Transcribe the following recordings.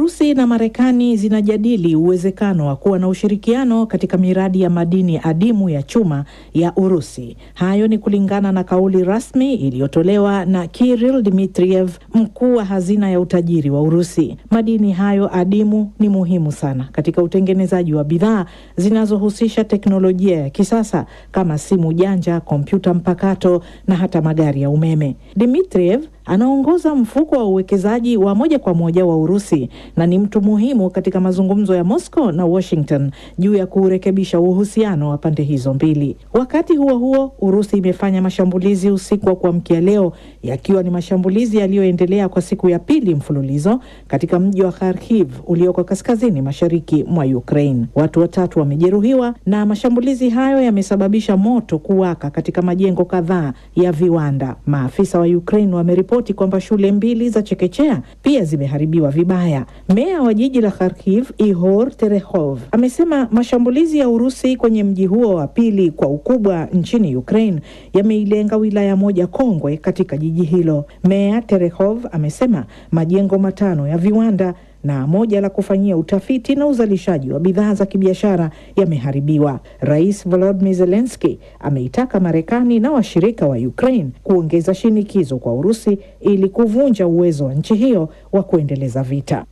Urusi na Marekani zinajadili uwezekano wa kuwa na ushirikiano katika miradi ya madini adimu ya chuma ya Urusi. Hayo ni kulingana na kauli rasmi iliyotolewa na Kirill Dmitriev, mkuu wa hazina ya utajiri wa Urusi. Madini hayo adimu ni muhimu sana katika utengenezaji wa bidhaa zinazohusisha teknolojia ya kisasa kama simu janja, kompyuta mpakato na hata magari ya umeme. Dmitriev anaongoza mfuko wa uwekezaji wa moja kwa moja wa Urusi na ni mtu muhimu katika mazungumzo ya Moscow na Washington juu ya kurekebisha uhusiano wa pande hizo mbili. Wakati huo huo, Urusi imefanya mashambulizi usiku wa kuamkia leo, yakiwa ni mashambulizi yaliyoendelea kwa siku ya pili mfululizo katika mji wa Kharkiv ulioko kaskazini mashariki mwa Ukraine. Watu watatu wamejeruhiwa na mashambulizi hayo yamesababisha moto kuwaka katika majengo kadhaa ya viwanda. Maafisa wa Ukraine wameripoti ripoti kwamba shule mbili za chekechea pia zimeharibiwa vibaya. Meya wa jiji la Kharkiv Ihor Terehov amesema mashambulizi ya Urusi kwenye mji huo wa pili kwa ukubwa nchini Ukraine yameilenga wilaya moja kongwe katika jiji hilo. Meya Terehov amesema majengo matano ya viwanda na moja la kufanyia utafiti na uzalishaji wa bidhaa za kibiashara yameharibiwa. Rais Volodymyr Zelensky ameitaka Marekani na washirika wa Ukraine kuongeza shinikizo kwa Urusi ili kuvunja uwezo wa nchi hiyo wa kuendeleza vita.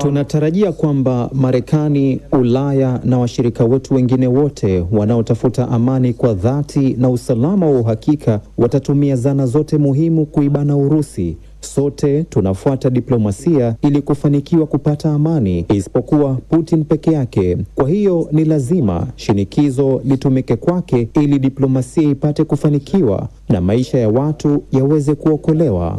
Tunatarajia kwamba Marekani, Ulaya na washirika wetu wengine wote wanaotafuta amani kwa dhati na usalama wa uhakika watatumia zana zote muhimu kuibana na Urusi sote tunafuata diplomasia ili kufanikiwa kupata amani, isipokuwa Putin peke yake. Kwa hiyo ni lazima shinikizo litumike kwake ili diplomasia ipate kufanikiwa na maisha ya watu yaweze kuokolewa.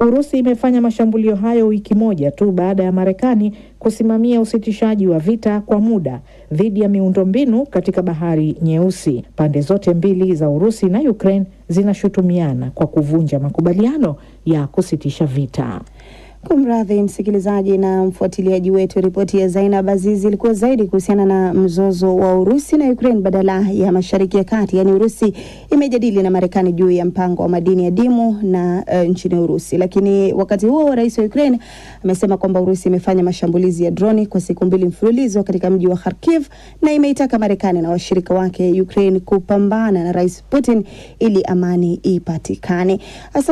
Urusi imefanya mashambulio hayo wiki moja tu baada ya Marekani kusimamia usitishaji wa vita kwa muda dhidi ya miundombinu katika Bahari Nyeusi. Pande zote mbili za Urusi na Ukraine zinashutumiana kwa kuvunja makubaliano ya kusitisha vita. Kumradhi msikilizaji na mfuatiliaji wetu, ripoti ya Zainab Azizi ilikuwa zaidi kuhusiana na mzozo wa Urusi na Ukraine badala ya Mashariki ya Kati. Yaani Urusi imejadili na Marekani juu ya mpango wa madini ya dimu na uh, nchini Urusi, lakini wakati huo rais wa Ukraine amesema kwamba Urusi imefanya mashambulizi ya droni kwa siku mbili mfululizo katika mji wa Kharkiv na imeitaka Marekani na washirika wake Ukraine kupambana na Rais Putin ili amani ipatikane. Asante.